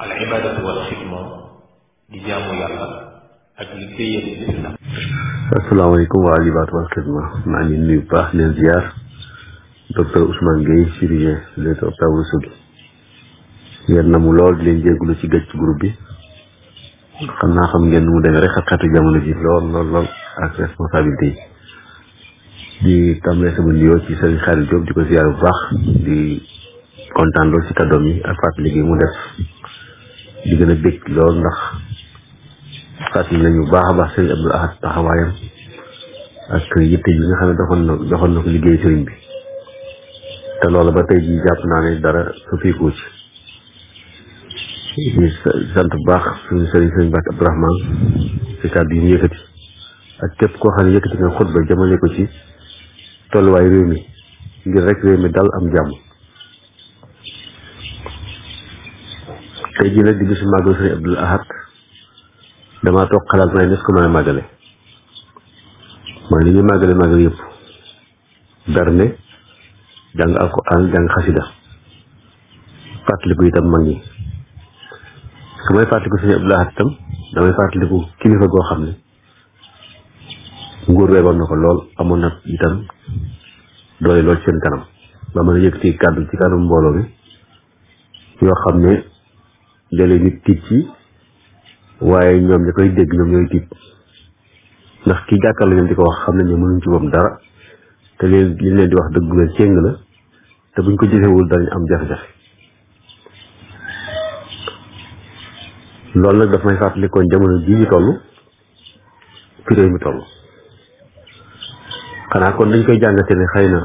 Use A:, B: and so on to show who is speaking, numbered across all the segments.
A: al ibadatu wal di jaamu yàlla ak li téyal lislam asalaamaaleykum waa al ibadatu wal xidma maa ngi nuyu baax leen ziar docteur Ousmane Gueye chirurgien les hôpitaux Oussogui yéen ci gëj ci bi xam naa xam ngeen mu demee rek xat-xatu lool lool lool ak responsabilité yi di tàmbalee sama nuyoo ci sëriñ Xaadim Diop di ko ziar bu baax di kontaan lool ci kàddoom yi ak fàttali gi mu def di gën a bég lool ndax fàttali nañu bu baax a baax sëriñ Abdul Ahad taxawaayam ak yitte bi nga xam ne doxoon na doxoon na ko liggéey sëriñ bi te loolu ba tey jii jàpp naa ne dara soppeeku ci sant bu baax suñu sëriñ sëriñ Bass Abdou Rahmane ci kàddu yi ñu yëkkati ak képp koo xam ne yëkkati nga xutba jamale ko ci tolluwaay réew mi ngir rek réew mi dal am jàmm tey jii nag di bisu màggal sëriñ Abdul Ahad damaa toog xalaat may nes ko mën a màggale mooy li ñuy màggale màggal yëpp berne jàng alquran jàng xasida fàttaliku itam mag ñi su may fàttaliku sëriñ Abdul Ahad itam damay fàttaliku kilifa goo xam ne nguur weegoon na ko lool amoon na itam doole lool ci seen kanam ba mën a yëkkati kàddu ci kanam mbooloo bi yoo xam ne léeg-léeg nit tiit ci waaye ñoom ña koy dégg ñoom ñooy tiit ndax ki jàkkaarloo ñoom di ko wax xam nañ ne mënuñ ci moom dara te leen li leen di wax dëgg la cëng la buñ ko jëfewul am jafe loolu nag daf may fàttalikoon jamono jii ñu toll fi réew mi xanaa kon dañ koy jàngate ni xëy na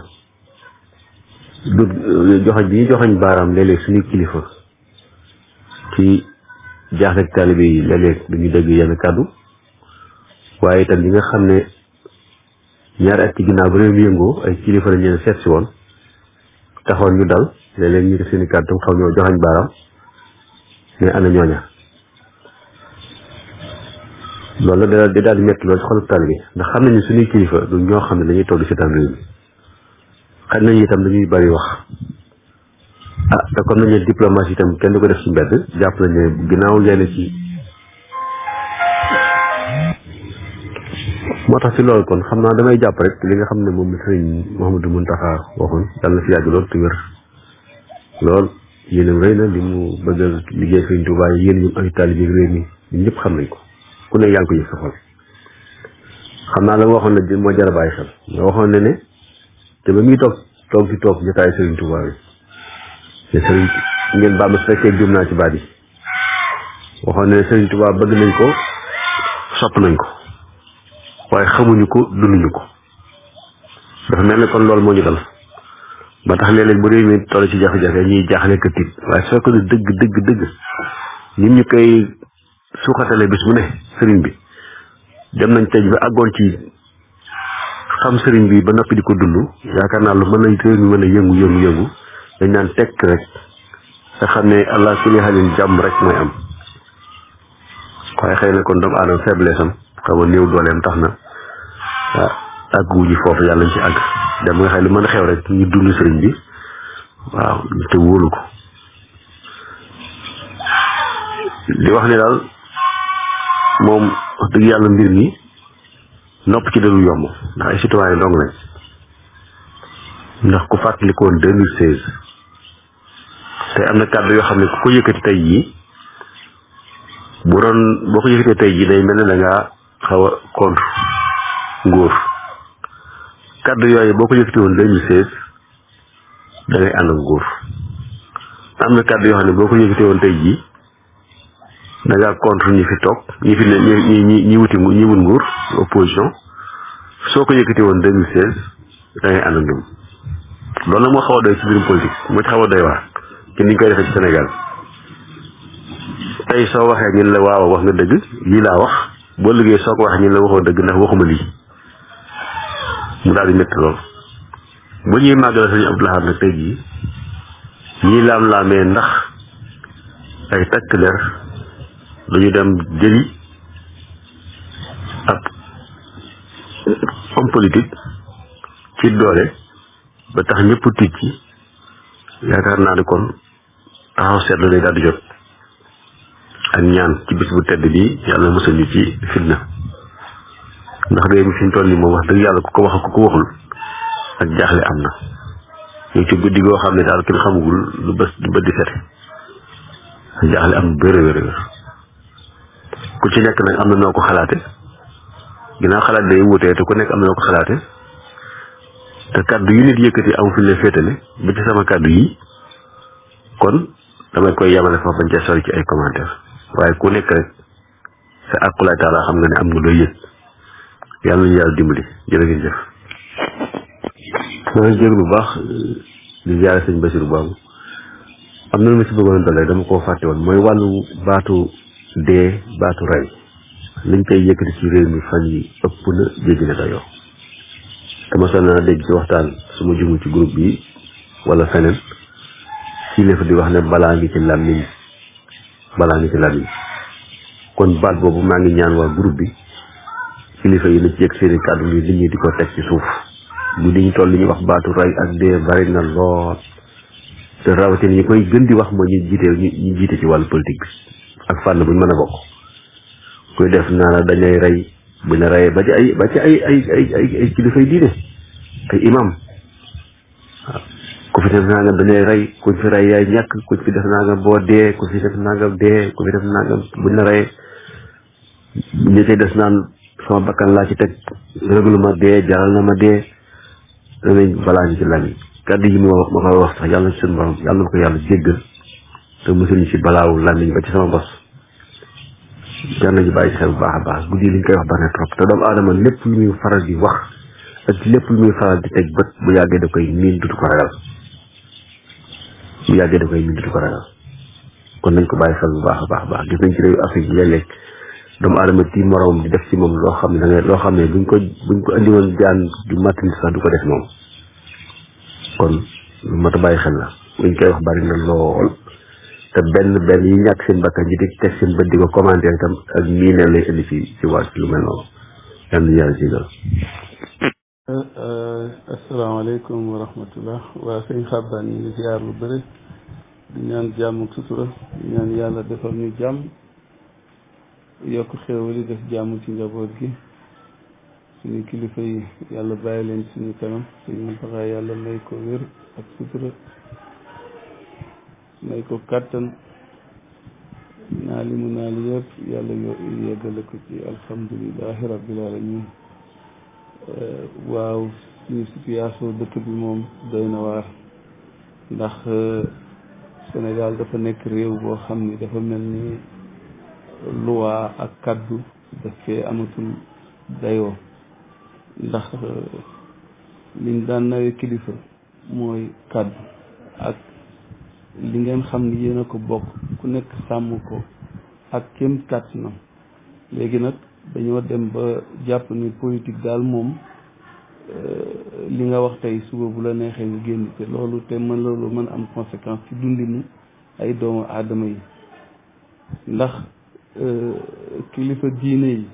A: du joxoñ bi ñu joxoñ baaraam léeg suñuy kilifa ci jaaxleeg taalibe yi léeg-léeg duñu dégg yenn kàddu waaye itam ñi nga xam ne ñaari at ci ginnaaw ba réew mi yëngoo ay kilifa lañ leen seet si woon taxoon ñu dal léeg-léeg ñu def seen i kàddu tam xaw ñoo joxañ baaraam ne ana ñooña ndax xam nañu suñuy kilifa du ñoo xam ne dañuy togg di seetaan réew mi xaj nañu itam dañuy bari wax te comme nañ leen diplomatie itam kenn du ko def ci mbedd jàpp nañ ne ginnaaw yenn ci moo tax ci loolu kon xam naa damay jàpp rek li nga xam ne moom sëriñ Mouhamadou Mountakha waxoon yàlla na fi yàgg lool te wér lool yéenam rëy na li mu bëggal liggéey sëriñ Tuubaa yi yéen ñum avital ñëpp xam nañ ko ku ne yaa ngi ko xam naa la nga waxoon ne moo jar a bàyyi xel nga waxoon ne ne te ba muy toog toog di toog jotaay sëriñ Tuubaa bi ne sëriñ ngeen baa ma su fekkee jum naa ci baat yi waxoon ne sëriñ bëgg nañ ko sopp nañ ko waaye xamuñu ko dunduñu ko dafa mel ne kon loolu moo ñu dal ba tax léeg bu réew mi toll ci jafe-jafe ñuy jaaxle ko tiit waaye su fekkoon ne dëgg dëgg dëgg nit ñu koy suuxatale bis mu ne sëriñ bi dem nañ tey ba àggoon ci xam sëriñ bi ba nappi di ko dund yaakaar naa lu mën a réew mi mën a yëngu yëngu yëngu dañ naan tekk rek nga xam ne allah kulli xalin jàmm rek mooy am waaye xëy na kon doomu aadama faiblesse am xaw ma néew dooleem tax na ah àgguwu ji foofu yàlla ñu ci àgg dem nga xam ne mën a xew rek ñu dund sëriñ bi waaw te wóolu ko di wax ne daal moom wax dëgg yàlla mbir mi nopp ci dalul yomb ndax ay citoyen dong lañ ndax ku fàttalikoon deux seize te am na kàddu yoo xam ne ku ko yëkkati tey jii bu doon boo ko yëkkatee tey jii day mel ne da ngaa xaw nguur kàddu yooyu boo ko yëkkati woon 2016 da ngay am na kàddu yoo xam ne boo ko yëkkatee woon tey jii da ngaa ñi fi toog ñi fi ñi ñi wuti ñi wut nguur opposition soo ko yëkkatee woon 2016 da ànd ak ñoom loolu moo xaw doy ci mbirum politique moo ci doy waar. ci niñ koy defee ci Sénégal tey soo waxee ñun la waaw wax nga dëgg lii laa wax boo liggéey soo ko waxee ñun la waxoo dëgg ndax waxuma lii mu daal di métti lool bu ñuy màggal sëñ Abdou Lahad nag tey jii ñii laam-laamee ndax ay takk der dañu dem jëli ab homme ci doole ba tax ñëpp tiit ci yaakaar naa ni kon taxaw ah, seetlu day daal di jot ak ñaan ci bis bu tedd bi yàlla musal ñu ci fitna ndax réew mi fi ñu moom wax dëgg yàlla ku ko wax ku ko waxul ak jaaxle am na ñu ci guddi goo xam ne daal kenn xamagul lu bët di fete ak jaaxle am bëre bëre ku ci nekk nag am na noo ko xalaate ginnaaw xalaat day wutee te ku nekk am na noo ko xalaate te kàddu yu nit yëkkati am fu ñu féetale ba ci sama kàddu yi kon damay koy yamale foofu bañ ca sori ci ay commentaire waaye ku nekk rek sa àqulaay taala xam nga ne am nga looy yëg yàlla nañu yàlla dimbali jëf maa ngi jéglu bu baax di ziare sëñ Basiru baabu am na lu ma si bëggoon a dama koo fàtte woon mooy wàllu baatu dee baatu rey liñ koy yëkkati ci réew mi fan yi ëpp na jéggi na dayoo dama sonn naa dégg ci waxtaan su ma jumu ci groupe bi wala feneen kilif di wax ne balaa ngi ci làmmiñ balaa ngi ci làmmiñ kon baat boobu maa ngi ñaan waa groupe bi kilifa yi na ci yëg seeni kàddu yi nit ñi di ko teg ci suuf bu diñ toll li ñu wax baatu rey ak dee bari na lool te rawatina ñi koy gën di wax mooy ñu jiite ñu jiite ci wàllu politique bi ak fànn buñ mën a bokk koy def naa dañay rey bu ne reyee ba ci ay ba ci ay ay ay ay diine ay imam ku fi def nangam dañuy rey ku fi rey yaay ñàkk ku fi def nangam boo dee ku fi def nangam dee ku fi def nangam buñ la rey ñi ci des naan sama bakkan laa ci teg réglu ma dee jaral na ma dee danañ balaa ñu ci lami kàddu yi mu wax ma koy wax sax yàlla na suñu borom yàlla na ko yàlla jéggal te musul ci balaawu làmmiñ ba ci sama bos jar nañu bàyyi ci xel bu baax a baax guddi liñ koy wax bari na trop te doomu aadama lépp lu muy faral di wax ak lépp lu muy faral di teg bët bu yàggee da koy miin dutu ko ragal su yàggee da koy bind di ko ragal kon nañ ko bàyyi xel bu baax a baax baax gis nañ ci réew Afrique yi léeg-léeg doomu aadama ci moroom di def si moom loo xam ne da loo xam ne buñ ko buñ ko andi woon jaan du matin sax du ko def moom kon lu mat a bàyyi xel la buñ koy wax bari na lool te benn benn yi ñàkk seen bakkan ji di teg seen bët di ko commenté itam ak mii lay indi ci ci wàll lu mel noonu yàlla na yàlla ci
B: Euh, euh, asalaamaaleykum wa rahmatullah waa sëñ xabbaan ñu ngi ziar lu bëri di ñaan jàmm ak sutura di ñaan yàlla defal ñu jàmm yokk xéewal yi def jàmm ci njaboot gi suñu kilifa yi yàlla bàyyi leen suñu kanam suñu Muntaxa yàlla may ko wér ak sutura may ko kàttan naa li mu naa li yëpp yàlla yeggale ko ci alhamdulilahi rabbil alamin Euh, waaw suñu situation dëkk bi moom doy na waar ndax euh, Sénégal dafa nekk réew boo xam ni dafa mel ni loi ak kaddu daf fee amatul dayoo ndax euh, liñ daan nawe kilifa mooy kaddu ak li ngeen xam ni yéen ko bokk ku nekk sàmm ko ak kéem kàttanam léegi nag dañoo dem ba jàpp ni politique daal moom euh, li nga wax tey suba bu la neexee nga génn te loolu te mën loolu mën am conséquence ci dundinu ay doomu aadama yi ndax euh, kilifa diine yi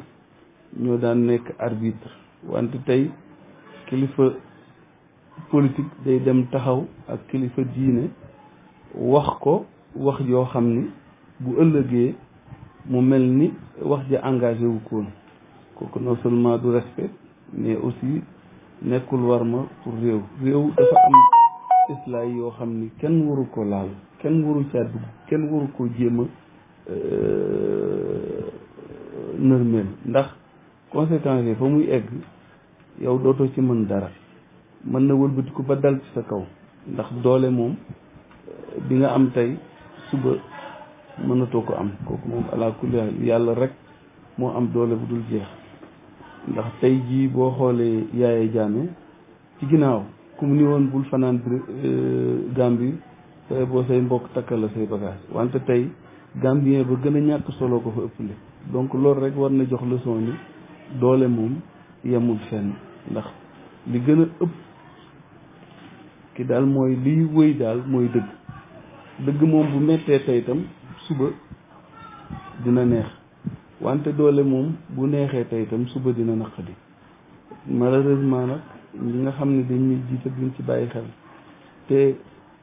B: ñoo daan nekk arbitre wante tey kilifa politik day dem taxaw ak kilifa diine wax ko wax joo xam ni bu ëllëgee mu mel ni wax ji engagé wu koon kooku non seulement du respect mais aussi nekkul war ma pour réew réew dafa am islaay yoo xam ni kenn waru ko laal kenn warul caa dugg kenn waru ko jéem a euh, nërmeel ndax conséquences yi fa muy egg yow dootoo ci mën dara mën na ko ba dal ci sa kaw ndax doole moom euh, bi nga am tey suba mënatoo ko am kooku moom ala yàlla rek moo am doole bu dul jeex ndax tey jii boo xoolee yaay yaaye jaame ci ginnaaw ku mu ni woon bul fanaan bi euh, Gambie te boo say mbokk takkal la say bagage wante tey Gambien ba gën a ñàkk solo ko fa ëppale donc loolu rek war na jox leçon yi doole moom yemul fenn ndax li gën a ëpp ki daal mooy liy wëy daal mooy dëgg dëgg moom bu mettee tey itam suba dina neex wante doole moom bu neexee tey itam suba dina naqadi malheureusement nag ñi nga xam ne dañuy jiite duñ ci bàyyi xel te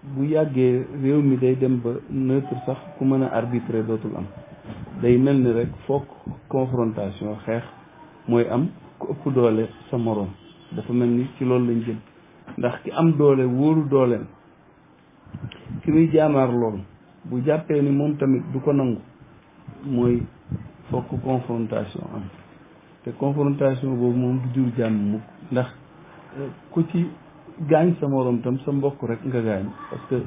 B: bu yàggee réew mi day dem ba neutre sax ku mën a arbitrer dootul am day mel ni rekk foog confrontation xeex mooy am ku ëpp doole sa moroom dafa mel ni ci loolu lañ jëm ndax ki am doole wóoru dooleem ki muy jaamaar loolu bu jàppee ni moom tamit du ko nangu mooy fokk confrontation am te confrontation boobu moom du jur jàmm mukk ndax euh, ku ci gaañ sa morom tam sa mbokk rek nga gaañ parce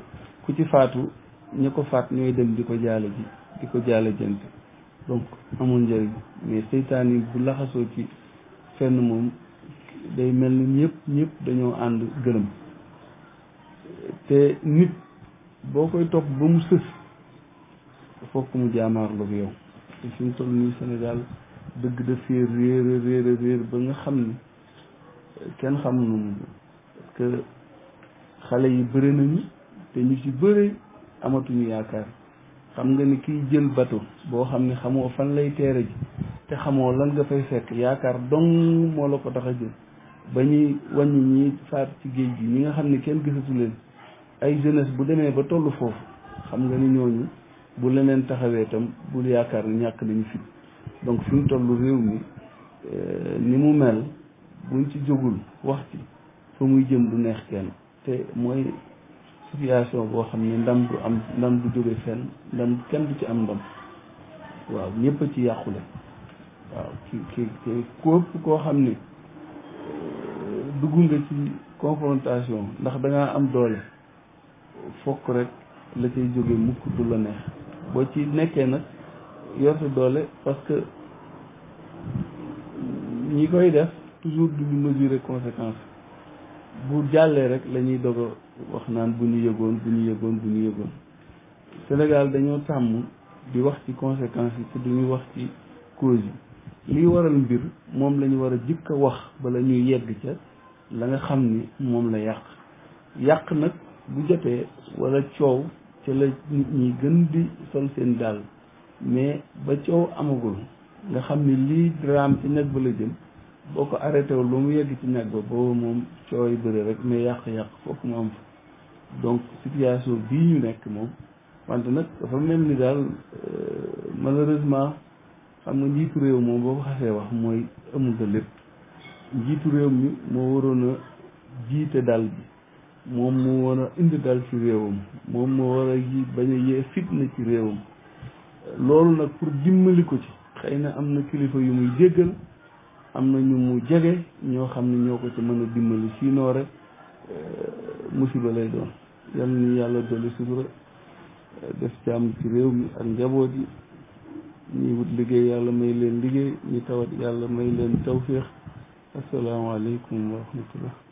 B: ku ci faatu ñi ko faat ñooy dem di ko jaale ji di ko jaale jënt donc amul njëriñ mais seytaan yi bu laxasoo ci fenn moom day mel ni ñëpp ñëpp dañoo ànd gërëm te nit boo koy topp ba mu sës fokk mu jaamaarloog yow te fi mu toll Sénégal dëgg da fee réer réer réer ba nga xam ni kenn xamul nu mu parce que xale yi bëri nañu te ñu ci bëri amatuñu yaakaar xam nga ni kiy jël bato boo xam ne xamoo fan lay teere ji te xamoo lan nga fay fekk yaakaar dong moo la ko tax a jël ba ñuy wàññi ñi faat ci géej gi ñi nga xam ne kenn gisatu leen ay jeunesse bu demee ba toll foofu xam nga ni ñooñu bu leneen taxawee itam bul yaakaar ni ñàkk nañu fit donc fi mu toll réew mi euh, ni mu mel buñ ci jógul wax ci fa muy jëm du neex kenn te mooy situation boo xam ne ndam du am ndam du jóge fenn ndam kenn du ci am ndam waaw ñëpp a ci yàqule waaw ki ki ki képp koo xam ne euh, dugg nga ci confrontation ndax dangaa am doole fokk rek la cay jóge mukk du la neex boo ci nekkee nag yor doole parce que ñi koy def toujours duñu mesurer conséquence bu jàllee rek la ñuy doog a wax naan bu ñu yëgoon bu ñu yëgoon bu ñu yëgoon Sénégal dañoo tàmm di wax ci conséquence yi te duñu wax ci cause yi lii waral mbir moom la ñu war a jëkk a wax bala ñuy yegg ca la nga xam ni moom la yàq yàq nag bu jotee wala coow ca la nit ñi gën di sol seen dàll mais ba coow amagul nga xam ni lii drame ci nag ba la jëm boo ko arrêté wul ba mu yegg ci nag ba boobu moom coow yi bëri rek mais yàq-yàq fokk mu am fa donc situation bii ñu nekk moom wante nag dafa mel ni daal euh, malheureusement xam nga njiitu réew moom boo ko xasee wax mooy ëmb nga lépp njiitu réew mi moo waroon a jiite dal bi moom moo war a indi daal ci réewam moom moo war a yi bañ a yee fitna ci réewam loolu nag pour dimbali ko ci xëy na am na kilifa yu muy jéggal am na ñu mu jege ñoo xam ne ñoo ko ci mën a dimbali sinon rek euh, musiba lay doon yal ni yàlla dolli sutura euh, def jàmm ci réew mi ak njaboot yi ñi wut liggéey yàlla may leen liggéey ñi tawat yàlla may leen tawféex asalaamaaleykum wa rahmatullah